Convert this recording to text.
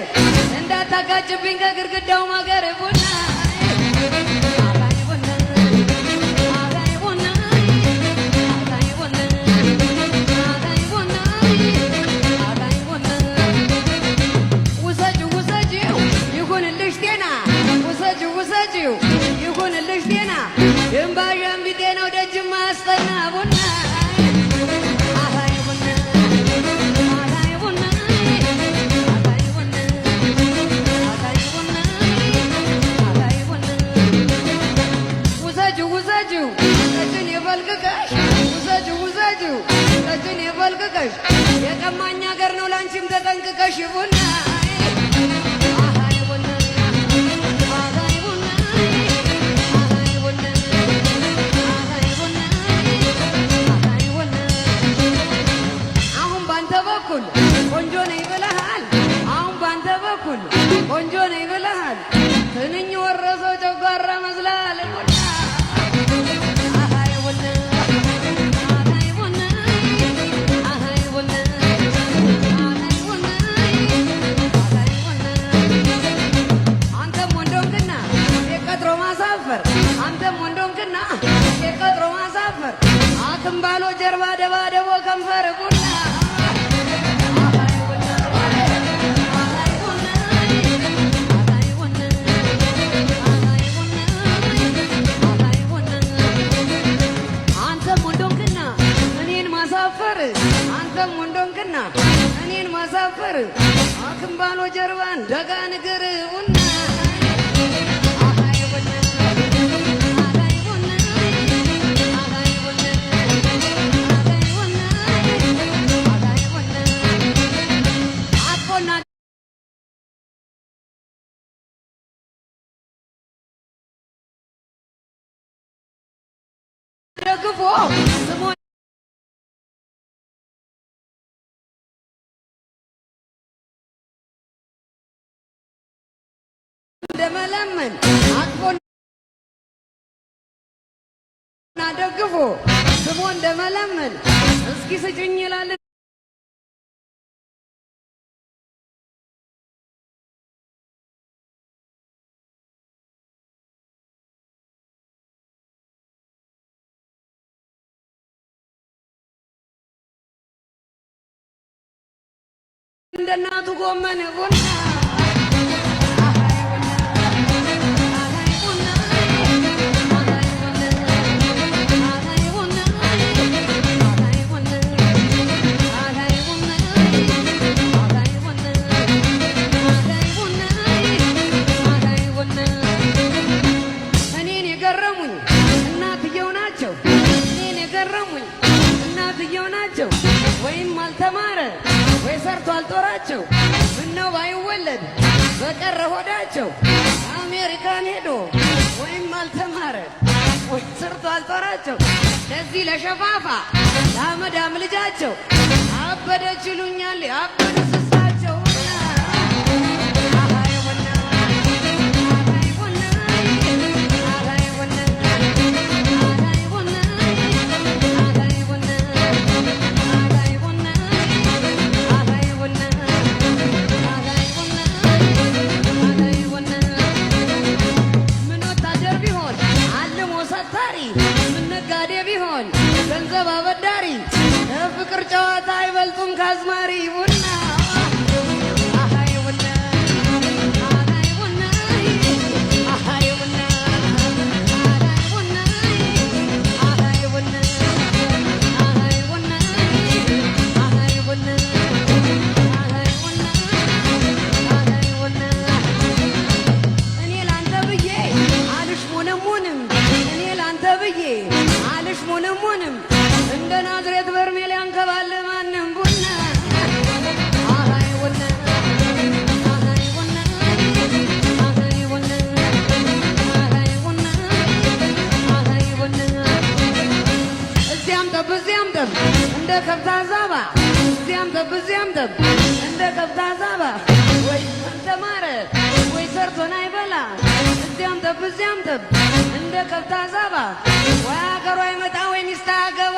ነገር እንዳታጋጭብኝ ከግርግዳው ማገር ቡና ውሰጂው ይሁንልሽ ጤና ውሰጂው ጠጁን ይፈልቅቀሽ ውሰጂው ውሰጂው ጠጁን ይፈልቅቀሽ የቀማኝ ሀገር ነው ላንቺም ተጠንቅቀሽ ይቡና ጀርባ እንደጋ ንግር ውና Oh! ሰላምን አቅፎና ደግፎ ስቦ እንደመለመን እስኪ ስጭኝ ይላል። ጎመን በቀረ ሆዳቸው አሜሪካን ሄዶ ወይም አልተማረ ሰርቶ አልጦራቸው ለዚህ ለሸፋፋ ለአመዳም ልጃቸው አበደች ይሉኛል አበደ ፈጣሪ ነጋዴ ቢሆን ገንዘብ አበዳሪ ፍቅር ጨዋታ አይበልጡም ካዝማሪ ብዙ ያምጥብ እንደ ቀብጣዛ ወይ አልተማረ ወይ ሰርቶን አይበላ እዚ ያምጥብ ብዙ ያምጥብ እንደ ቀብጣዛ ወይ አገሩ አይመጣ ወይ ሚስት